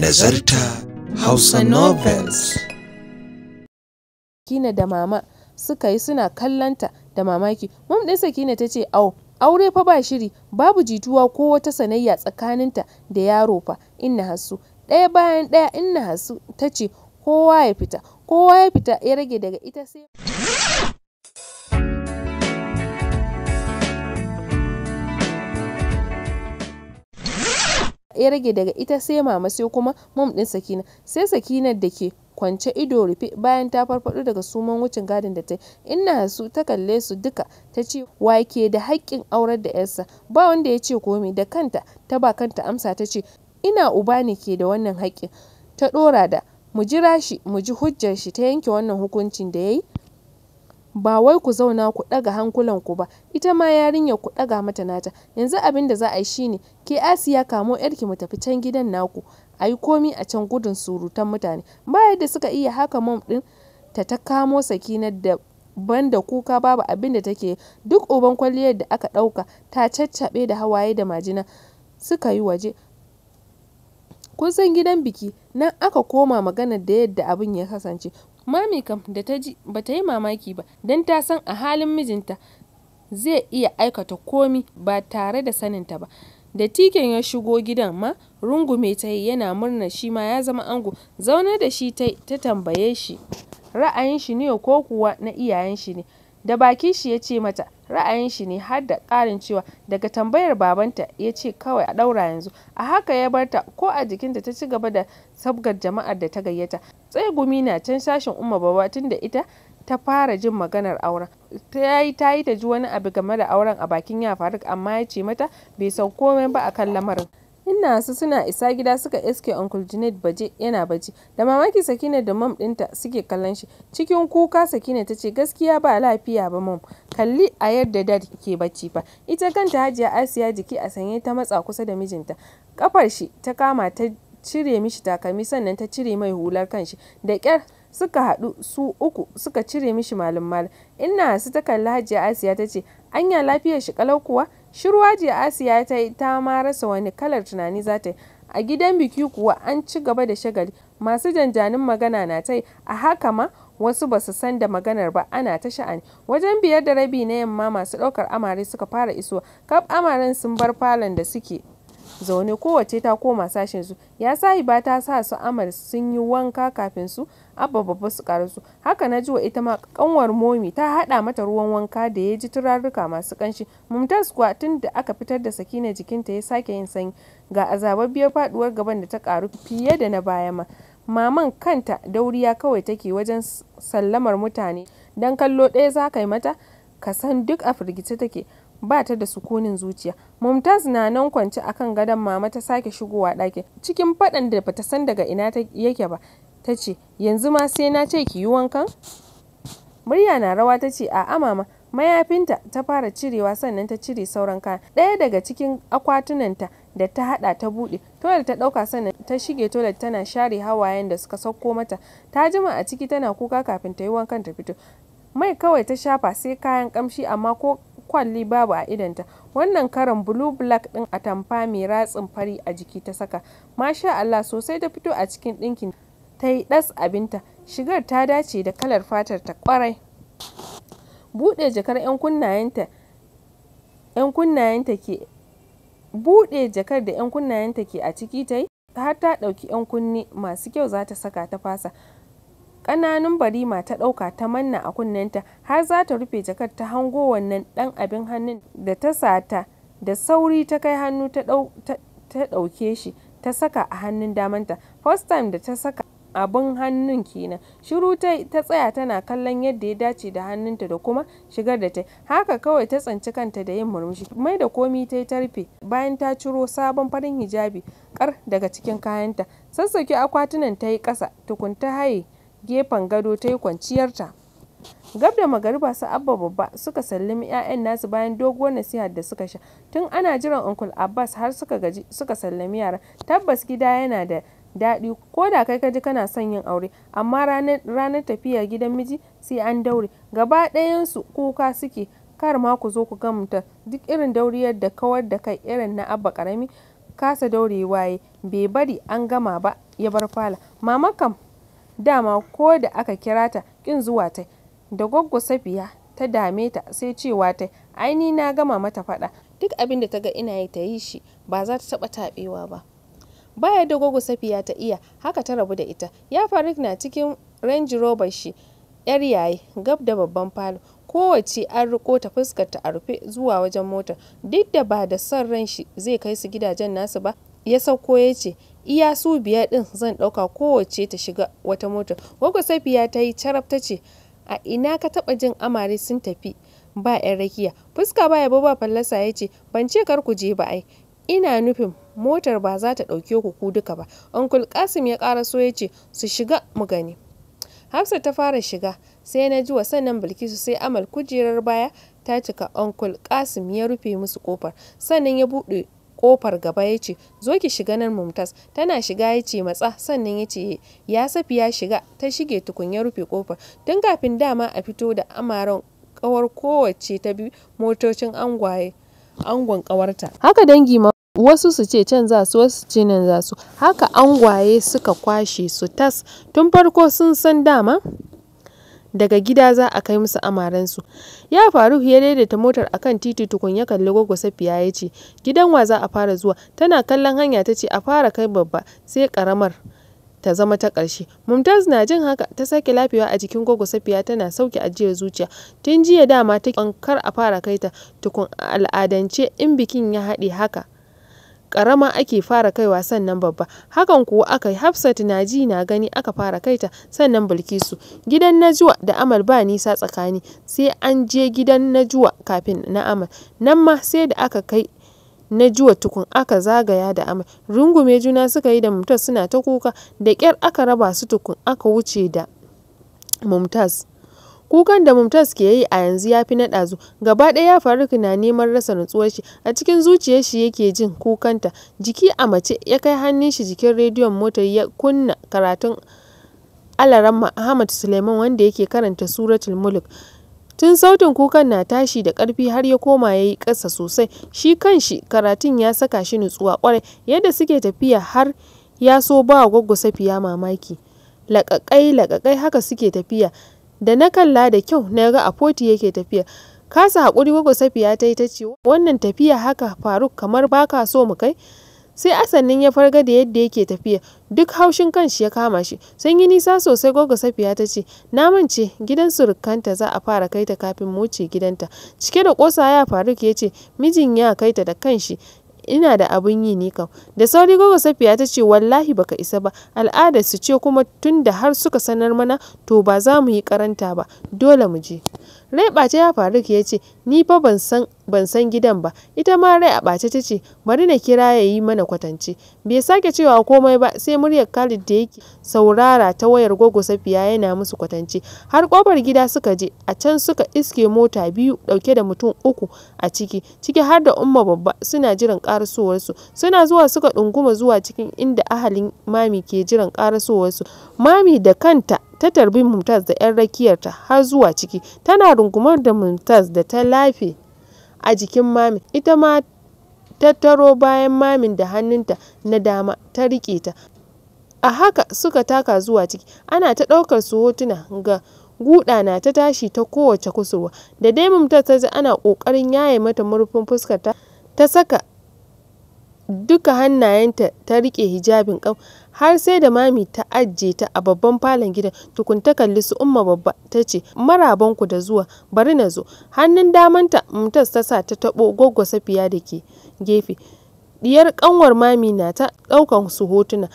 Nazarta Hausa Novels. Kina da mama suka yi suna kallanta da mamaki. Mum ɗin Sakina ta ce, "Au, aure fa ba shiri, babu jituwa ko wata sanayya tsakaninta da yaro fa, inna hasu." Ɗaya bayan ɗaya inna hasu ta ce, "Kowa ya fita, kowa ya fita ya rage daga ita sai." ya rage daga ita sai mama sai kuma mom ɗin Sakina. Sai sakina da ke kwance ido rufe bayan ta farfado daga suman wucin gadin da ta yi inna su ta kalle su duka ta ce wa ke da haƙƙin aurar da yarsa ba wanda ya ce komai da kanta ta ba kanta amsa ta ce ina uba ne ke da wannan haƙƙin ta ɗora da mu jira shi mu ji hujjar shi ta yanke wannan hukuncin da ya yi ba wai ku zauna ku ɗaga hankulanku ba, ita ma yarinya ku ɗaga mata nata, yanzu abin da za a yi shine ke Asiya kamo 'yarki mu tafi can gidan naku, a yi komi a can gudun surutan mutane. Ba yadda suka iya haka mom ɗin ta ta kamo Sakina da banda kuka babu abin da take duk uban kwalliyar da aka ɗauka ta caccaɓe da hawaye da majina suka yi waje. Kun san gidan biki nan aka koma maganar da yadda abin ya kasance Mami kam da ta ji ba ta yi mamaki ba don ta san a halin mijinta zai iya aikata komi ba tare da saninta ba. Da tiken ya shigo gidan ma rungume ta yi yana murna shi ma ya zama ango. zaune da shi ta tambaye shi ra'ayin shi ne ko kuwa na iyayen shi ne. Da baki shi ya ce mata ra'ayin shi ne har da karin cewa daga tambayar babanta ya ce kawai a ɗaura yanzu a haka ya barta ko a jikinta ta ci gaba da sabgar jama'ar da ta gayyata tsaye gumi na can sashin umma baba tun da ita ta fara jin maganar auren ta yi ta yi ta ji wani abu game da auren a bakin ya faruk amma ya ce mata bai san komai ba akan lamarin su suna isa gida suka iske Uncle Junaid baje yana bacci. Da mamaki Sakina da mom dinta suke kallon shi. Cikin kuka Sakina ta ce gaskiya ba lafiya ba mom. Kalli a yadda dad ke bacci fa. Ita kanta Hajiya Asiya jiki a sanye ta matsa kusa da mijinta. Kafar shi ta kama ta cire mishi takalmi sannan ta cire mai hular kanshi. Da ƙyar suka haɗu su uku suka cire mishi malam-malam. Inna su ta kalli Hajiya Asiya ta ce anya lafiyar shi kalau kuwa Shiruwa jiya Asiya ta yi ta ma rasa wani kalar tunani za ta yi. A gidan biki kuwa an ci gaba da shagali, masu janjanin magana na ta yi, a haka ma wasu ba su san da maganar ba ana ta sha'ani. Wajen biyar da rabi na yamma masu ɗaukar amare suka fara isowa, kaf amaren sun bar falon da suke. zaune kowace ta koma sashen su ya ba ta sa su amar sun yi wanka kafin su abba babba su karasu haka na jiwa ita ma kanwar momi ta hada mata ruwan wanka da ya ji turarruka masu kanshi mumtaz kuwa tun da aka fitar da sakina jikinta ya sake yin sanyi ga azababbiyar faduwar gaban da ta karu fiye da na baya ma maman kanta dauriya kawai take wajen sallamar mutane dan kallo ɗaya za ka yi mata ka san duk a firgice take ba ta da sukunin zuciya. Mumtaz na nan kwance a kan gadon mama ta sake shigowa ɗakin cikin faɗan da bata san daga ina yake ba. Ta ce, yanzu ma sai na ce ki yi wankan? Murya na rawa ta ce, a'a mama, mayafinta ta fara cirewa sannan ta cire sauran kayan. Ɗaya daga cikin akwatunanta da ta haɗa ta buɗe, toilet ta ɗauka sannan ta shige toilet tana share hawayen da suka sauko mata. Ta jima a ciki tana kuka kafin ta yi wankan ta fito. Mai kawai ta shafa sai kayan kamshi amma ko kwalli babu a idonta. Wannan karan blue black ɗin atamfa mai ratsin fari a jiki ta saka. Masha Allah sosai ta fito a cikin ɗinkin ta yi ɗas abinta. Shigar ta dace da kalar fatar ta kwarai. Buɗe jakar 'yan kunnayenta 'yan kunnayenta ke bude jakar da 'yan kunnayenta ke a ciki ta yi har ta ɗauki 'yan kunni masu kyau za ta saka ta fasa kananun barima ta ɗauka ta manna a kunnenta har za ta rufe jakar ta hango wannan dan abin hannun da ta sata da sauri ta kai hannu ta ɗauke shi ta saka a hannun damanta first time da ta saka abin hannun kenan shiru ta tsaya tana kallon yadda ya dace da hannunta da kuma shigar da ta haka kawai ta tsanci kanta da yin murmushi mai da komi ta yi ta rufe bayan ta ciro sabon farin hijabi kar daga cikin kayanta sassauke akwatunan ta yi kasa tukunta haye gefen gado ta yi kwanciyarta. Gab da magariba su Abba Babba suka sallami 'ya'yan nasu bayan doguwar nasihar da suka sha. Tun ana jiran Uncle Abbas har suka gaji suka sallami yara. Tabbas gida yana da daɗi ko da kai ka ji kana son yin aure amma ranar tafiya gidan miji sai an daure gaba ɗayansu kuka suke kar ma ku zo ku gamta duk irin dauriyar da kawar da kai irin na abba karami kasa daure waye bai bari an gama ba ya bar fala mama kam Dama ko da aka kira ta ƙin zuwa ta da goggo Safiya ta dame ta sai cewa ta aini na gama mata faɗa, duk abin da ta ga ina yi ta yi shi, ba za ta taɓa taɓewa ba. Ba da goggo Safiya ta iya, haka ta rabu da ita. Ya faru na cikin Range Rover shi, 'yar yayi gab da babban falo. kowace an riko ta ta a rufe zuwa wajen motar, duk da ba da son ran shi zai kai su gidajen nasu ba, ya sauko ya ce, iya su biyar din zan dauka kowace ta shiga wata mota gwaggo safiya ta yi carab ta ce a ina ka taba jin amare sun tafi ba 'yan rakiya fuska ba yabo ba fallasa ya ce ban ce kar ku je ba ai ina nufin motar ba za ta dauke ku ku duka ba uncle kasim ya kara so ya ce su shiga mu gani hafsa ta fara shiga sai na ji wa sannan bilkisu sai amal kujerar baya ta cika uncle kasim ya rufe musu kofar sannan ya bude. kofar gaba ya ce zo ki shiga nan mumtas tana shiga ya ce matsa sannan ya ce ya safi ya shiga ta shige tukun ya rufe kofar tun kafin dama a fito da amaran kawar kowace ta bi motocin angwaye angon kawarta haka dangi ma wasu su ce can za su wasu ce nan za su haka angwaye suka kwashe su tas tun farko sun san dama daga gida za a kai musu amaransu. ya faru ya daidaita motar a kan titi tukun ya kalli Goggo Safiya ya ce, Gidan wa za a fara zuwa? Tana kallon hanya ta ce, A fara kai babba, sai karamar ta zama ta ƙarshe. Mumtaz na jin haka ta sake lafiya a jikin gogo safiya tana sauke ajiyar zuciya. Tun jiya dama ta kar a fara kai kaita tukun al'adance in bikin ya haɗe haka. karama ake fara kaiwa sannan babba, hakan kuwa aka yi, Hafsat na ji na gani aka fara kaita, sannan Bilkisu. Gidan juwa da Amal ba nisa tsakani, sai an je gidan juwa kafin na Amal, nan ma sai da aka kai na juwa tukun aka zagaya da amal rungume juna suka yi da mumtaz suna ta kuka da kyar aka raba su tukun aka wuce da mumtaz Kukan da Mumtaz ke yi a yanzu ya fi na ɗazu, gaba ɗaya Faruk na neman rasa nutsuwar shi, a cikin zuciyar shi yake jin kukanta, jiki a mace ya kai hannun shi jikin rediyon mota ya kunna karatun alaran Ahmad Suleiman wanda yake karanta Suratul Mulk. Tun sautin kukan na tashi da ƙarfi har ya koma ya yi ƙasa sosai, shi kanshi karatun ya saka shi nutsuwa kwarai yadda suke tafiya har ya so ba Gwaggo Safiya mamaki. Laƙaƙai laƙaƙai haka suke tafiya Da na kalla da kyau na ga a 40 yake tafiya. Kasa hakuri wago Safiya ta yi ta ce, Wannan tafiya haka Faruk kamar baka so mu kai? Sai asannin ya farga da yadda yake tafiya, duk haushin kanshi ya kama shi. Sun yi nisa sosai gogo Safiya ta ce, Na mance gidan surukanta za a fara kaita kafin mu wuce gidanta. Cike da ya Faruk ya ce, Mijin ya kaita da kanshi. ina da abun yi ni kam. Da sauri gogo Safiya ta ce wallahi baka isa ba, su ce kuma tun da har suka sanar mana to ba za mu yi karanta ba, dole mu je. Rai ɓata ya Faruk ya ce ni fa ban san ban san gidan ba ita ma rai a ɓace ta ce bari na kira ya yi mana kwatance bai sake cewa komai ba sai muryar Khalid da yake saurara ta wayar gogo safiya yana musu kwatance har kofar gida suka je a can suka iske mota biyu ɗauke da mutum uku a ciki ciki har da umma babba suna jiran karasowarsu suna zuwa suka ɗunguma zuwa cikin inda ahalin mami ke jiran karasowarsu mami da kanta ta tarbi Mumtaz da 'yan rakiyarta har zuwa ciki tana rungumar da Mumtaz da ta lafe a jikin mamin, ita ma tattaro bayan mamin da hannunta na dama ta rike ta, a haka suka taka zuwa ciki, ana ta ɗaukar su hotuna ga guɗa na ta tashi ta kowace kusurwa, da dai Mumtaz ta ana ƙoƙarin yaye mata murfin fuskarta ta saka duka hannayenta ta riƙe hijabin kan har sai da Mami ta aje ta a babban falon gidan tukun ta kalli su Umma Babba ta ce, Marabanku da zuwa, bari na zo. Hannun damanta mutas ta sa ta taɓo Gwaggo Safiya da ke gefe. Diyar ƙanwar Mami na ta ɗaukan su hotuna.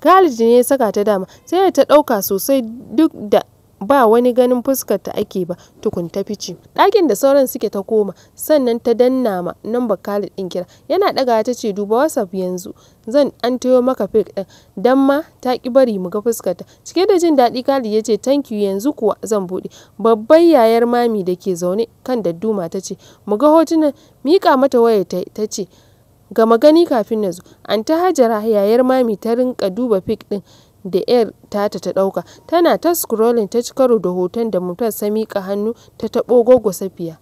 Khalid ne ya saka ta dama sai da ta ɗauka sosai duk da ba wani ganin ta ake ba tukun ta fice. ɗakin da sauran suke ta koma, sannan ta danna ma lambar Khalid ɗin kira. Yana ɗagawa ta ce duba WhatsApp yanzu, zan an tayo maka fake ɗin, dan ma ta ki bari mu ga ta Cike da jin daɗi Khalid ya ce thank you yanzu kuwa zan buɗe. Babbar yayar mami da ke zaune kan dadduma ta ce mu ga hotunan miƙa mata waye ta ce gama gani kafin na zo. Anta Hajara yayar mami ta rinka duba fik ɗin da 'yar tata ta ɗauka, tana ta scrolling ta ci da hoton da Mumtaz ta miƙa hannu ta taɓo Goggo Safiya,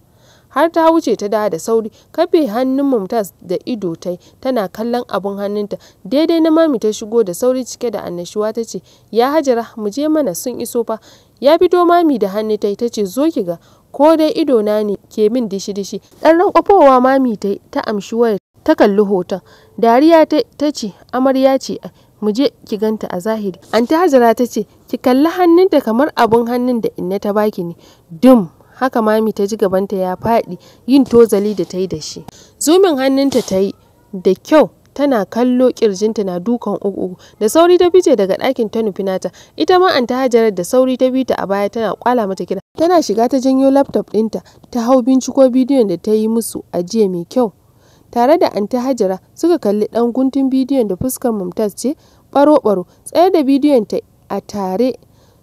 har ta wuce ta da da sauri, kafe hannun Mumtaz da ido tayi, tana kallon abun hannunta, daidai na Mami ta shigo da sauri cike da annashuwa ta ce, “Ya Hajara mu je mana sun iso fa!” Ya fito Mami da hannu tayi ta ce, “Zo ki ga, ko dai idona ne ke min dishi-dishi.” Ɗan rankwafowa Mami ta amshi wayar ta kalli hoton, dariya ta ce, “Amarya ce mu je ki ganta a zahiri. Anti Hajara ta ce, ki kalli hannunta kamar abun hannun da inna ta baki ne. Dum! Haka mami ta ji gabanta ya faɗi yin tozali da ta yi da shi. Zumin hannunta ta yi da kyau tana kallo kirjinta na dukan uku da sauri ta fice daga ɗakin ta nufi nata ita ma an ta hajarar da sauri ta bi ta a baya tana kwala mata kira tana shiga ta janyo laptop ɗinta ta hau binciko bidiyon da ta yi musu ajiye mai kyau tare da anti Hajara suka kalli ɗan guntun bidiyon da fuskar Mumtaz ce ɓaro-ɓaro, tsayar da bidiyon ta a tare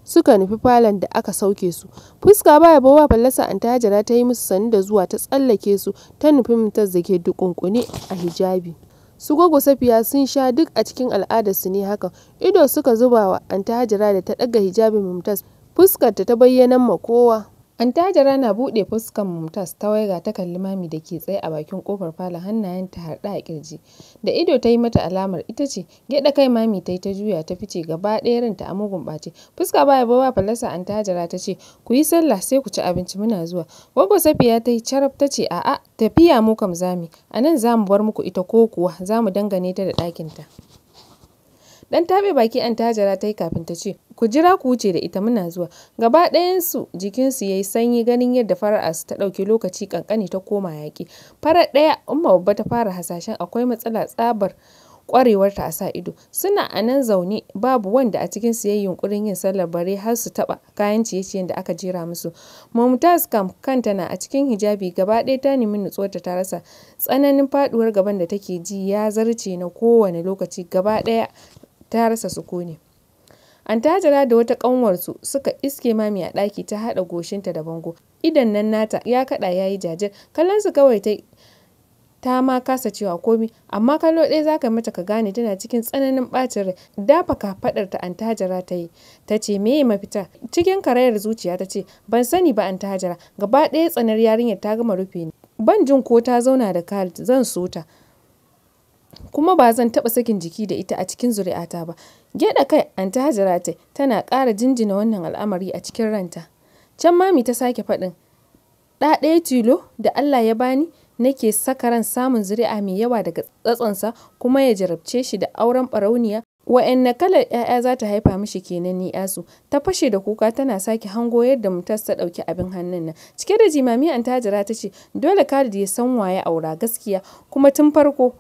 suka nufi falon da aka sauke su, fuska ba ya bawa fallasa anti Hajara ta yi musu sannu da zuwa ta tsallake su ta nufi Mumtaz da ke duƙunƙune a hijabi. Su gogo Safiya sun sha duk a cikin al'adarsu ne haka ido suka zuba wa anti Hajara da ta ɗaga hijabin Mumtaz, fuskarta ta bayyana ma kowa. Attajira na bude fuskan Mumtaz ta waiga ta kalli Mami da ke tsaye a bakin kofar falon hannayenta harda a kirji da ido ta yi mata alamar ita ce, gyaɗa kai Mami ta yi ta juya ta fice gaba ɗaya ranta a mugun ɓace, fuska ba ya ba fallasa attajira ta ce, ku yi sallah sai ku ci abinci muna zuwa, goggo Safiya ta yi carab ta ce a'a tafiya mu kam za a nan za mu bar muku ita ko kuwa za mu dangane ta da ɗakinta. Dan taɓe baki an tajara ta yi kafin ta ce, ku jira ku wuce da ita muna zuwa. Gaba ɗayansu jikinsu ya yi sanyi ganin yadda su ta ɗauki lokaci kankani ta koma yaki Farar ɗaya Umma Babba ta fara hasashen akwai matsala tsabar ƙwarewarta a sa ido. Suna anan nan zaune babu wanda a cikin ya yi yunƙurin yin sallar bare har su taɓa kayan ciye-ciyen da aka jera musu. Mumtaz kam kanta na a cikin hijabi gaba ɗaya ta nemi nutsuwar ta rasa. Tsananin faduwar gaban da take ji ya zarce na kowane lokaci gaba ɗaya ta rasa sukuni. tajira da wata ƙanwarsu suka iske mami a ɗaki ta haɗa goshinta da bango. Idan nan nata ya kaɗa ya yi jajir, kallonsu kawai ta ta ma kasa cewa komi amma kallo ɗaya za ka mata ka gane tana cikin tsananin ɓacin rai dafa kafaɗar ta antajara ta yi ta ce me ya mafita cikin karayar zuciya ta ce ban sani ba antajara gaba ɗaya tsanar yarinyar ta gama rufe ni ban jin ko ta zauna da khalid zan so ta kuma ba zan taɓa sakin jiki da ita a cikin zuri'ata ba. Gyaɗa kai an ta Hajara ta tana ƙara jinjina wannan al'amari a cikin ranta. Can mami ta sake faɗin, ɗa ɗaya tilo da Allah ya bani nake saka ran samun zuri'a mai yawa daga tsatsonsa kuma ya jarabce shi da auren ɓarauniya wa'anne kalar 'ya'ya za ta haifa mishi kenan ni yasu ta fashe da kuka tana sake hango yadda mutar ta ɗauki abin hannun nan cike da jimami an ta jira ta ce dole Khalid ya san waye aura gaskiya kuma tun farko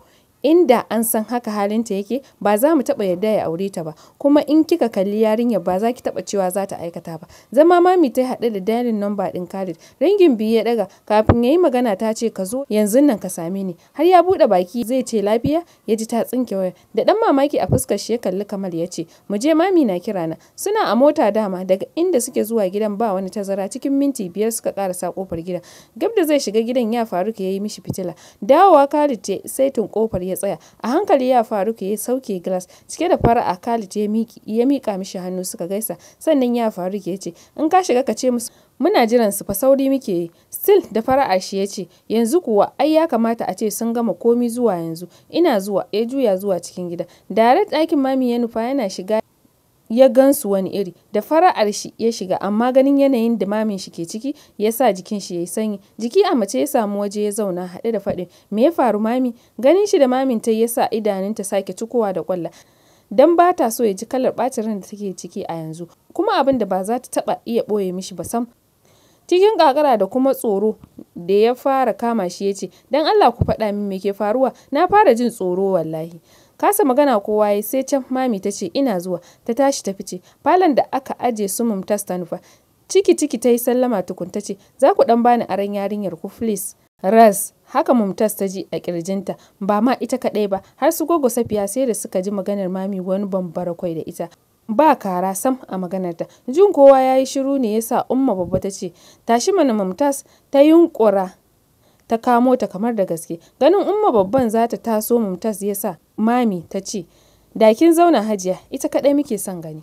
inda an san haka halinta yake ba za mu taɓa yarda ya aure ta ba kuma in kika kalli yarinyar ba za ki taɓa cewa za ta aikata ba zama mami ta haɗe da dialing number ɗin Khalid ringin biyu ya ɗaga kafin ya yi magana ta ce ka zo yanzu nan ka same ni har ya buɗe baki zai ce lafiya ya ji ta tsinke waya da ɗan mamaki a fuskar shi ya kalli kamar ya ce mu je mami na kira na suna a mota dama daga inda suke zuwa gidan ba wani tazara cikin minti biyar suka karasa kofar gidan gab da zai shiga gidan ya faru ya yi mishi fitila dawowa Khalid sai tun kofar ya ya tsaya a hankali ya faruk ya sauke glass cike da fara'a Khalid ya ya mika mishi hannu suka gaisa sannan ya faruk ya ce in ka shiga ka ce musu muna jiran su fa sauri muke yi still da fara'a shi ya ce yanzu kuwa ai ya kamata a ce sun gama komi zuwa yanzu ina zuwa ya juya zuwa cikin gida direct ɗakin mami ya nufa yana shiga ya gansu wani iri da fara'ar shi ya shiga amma ganin yanayin da mamin shi ke ciki ya sa jikin shi yayi sanyi jiki a mace ya samu waje ya zauna haɗe da faɗin me ya faru mami ganin shi da mamin ta ya sa idanunta sake cikowa da kwalla dan ba ta so ya ji kalar ɓacin da take ciki a yanzu kuma abin da ba za ta taɓa iya ɓoye mishi ba sam cikin kakara da kuma tsoro da ya fara kama shi ya ce don allah ku faɗa min me ke faruwa na fara jin tsoro wallahi kasa magana kowa waye sai can mami ta ce ina zuwa ta tashi ta fice falon da aka aje su mumtas ta nufa ciki ciki ta yi sallama tukun ta ce za ku dan bani aran yarinyar ku please ras haka mumtas ta ji a kirjinta ba ma ita kadai ba har su gogo safiya sai da suka ji maganar mami wani bambara kwai da ita ba kara sam a maganarta jin kowa ya yi shiru ne yasa umma babba ta ce tashi mana mumtas ta yunkura ta kamo ta kamar da gaske ganin umma babban za ta taso mumtaz ya sa mami ta ce da kin zauna hajiya ita kaɗai muke son gani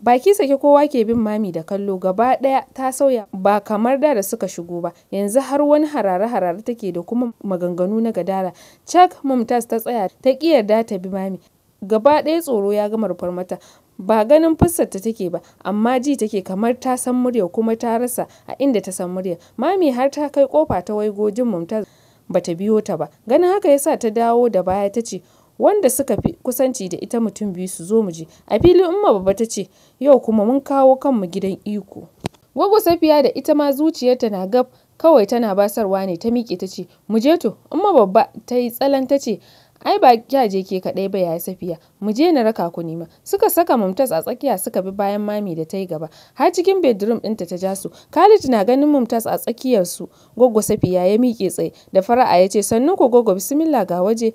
baki sake kowa ke bin mami da kallo gaba ɗaya ta sauya ba kamar da da suka shigo ba yanzu har wani harare harare take da kuma maganganu na gadara chak mumtaz ta tsaya ta ƙi da ta bi mami gaba ɗaya tsoro ya gama rufar mata Ba ganin ta take ba, amma ji take kamar ta san murya kuma ta rasa a inda ta san murya Mami har ta kai kofa ta waigo jin Mumtaz bata biyo ta ba. Ganin haka yasa ta dawo da baya ta ce, wanda suka fi kusanci da ita mutum biyu su zo mu je. A filin umma babba ta ce, yau kuma mun kawo kanmu gidan iko. Gwaggo Safiya da ita ma zuciyarta na gab kawai tana basarwa ne ta miƙe ta ce, mu je to, umma babba ta yi tsalan ta ce, Ai ba kya ke kaɗai ba yayi Safiya, mu je na raka ku nima. Suka saka Mumtaz a tsakiya suka bi bayan Mami da ta yi gaba. Har cikin bedroom ɗinta ta ja su. Khalid na ganin Mumtaz a tsakiyar su. Goggo Safiya ya miƙe tsaye da fara'a ya ce sannu ku Goggo bismillah ga waje.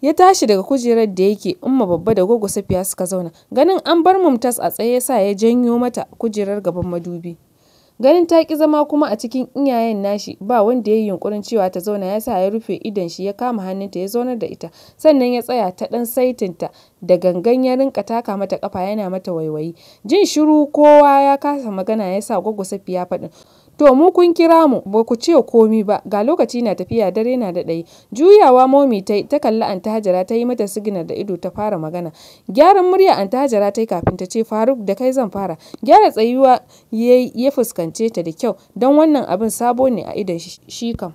ya tashi daga kujerar da yake umma babba da gogo safiya suka zauna ganin an bar mumtas a tsaye ya sa ya janyo mata kujerar gaban madubi Ganin ta ƙi zama kuma a cikin iyayen nashi ba wanda ya yi yunkurin cewa ta zauna ya sa ya rufe idon shi ya kama hannunta ya zaunar da ita, sannan ya tsaya ta ɗan saitinta da gangan ya rinka taka mata ƙafa yana mata waiwayi. Jin shiru kowa ya kasa magana ya sa Gwaggo Safiya faɗin To mu kun kira mu ba ku ce komi ba ga lokaci na tafiya dare na da ɗayi. Juyawa momi ta ta kalli Anta Hajara ta yi mata siginar da ido ta fara magana. Gyaran murya Anta Hajara ta yi kafin ta ce Faruk da kai zan fara. Gyara tsayuwa ya fuskance ta da kyau don wannan abin sabo ne a idon shi kam.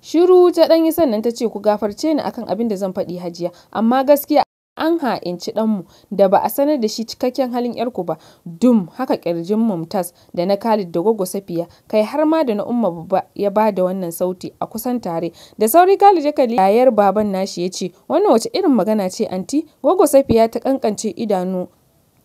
Shiru ta ɗan yi sannan ta ce ku gafarce ni akan abin da zan faɗi Hajiya amma gaskiya An ha'inci ɗanmu da ba a sanar da shi cikakken halin 'yarku ba, dum haka ƙirjin Mumtaz da na Khalid da gogo Safiya, kai har ma da na Umma Babba ya ba da wannan sauti a kusan tare. Da sauri Khalid ya kalli yayar baban nashi ya ce, “Wannan wace irin magana ce anti gogo Safiya ta kankance idanu.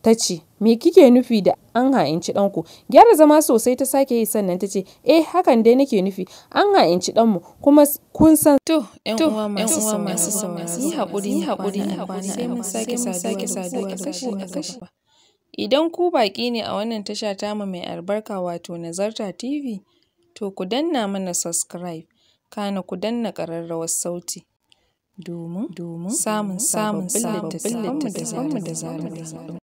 ta ce me kike nufi da an ha'inci ɗanku gyara zama sosai ta sake yi sannan ta ce eh hakan dai nake nufi an ha'inci ɗanmu kuma kun san to yan uwa masu masu masu yi haƙuri yi haƙuri yi haƙuri sai mun sake sake saduwa a kashi a kashi idan ku baƙi ne a wannan tasha tamu mai albarka wato nazarta tv to ku danna mana subscribe kana ku danna ƙararrawar sauti domin samun samun sababbin littattafanmu da zarar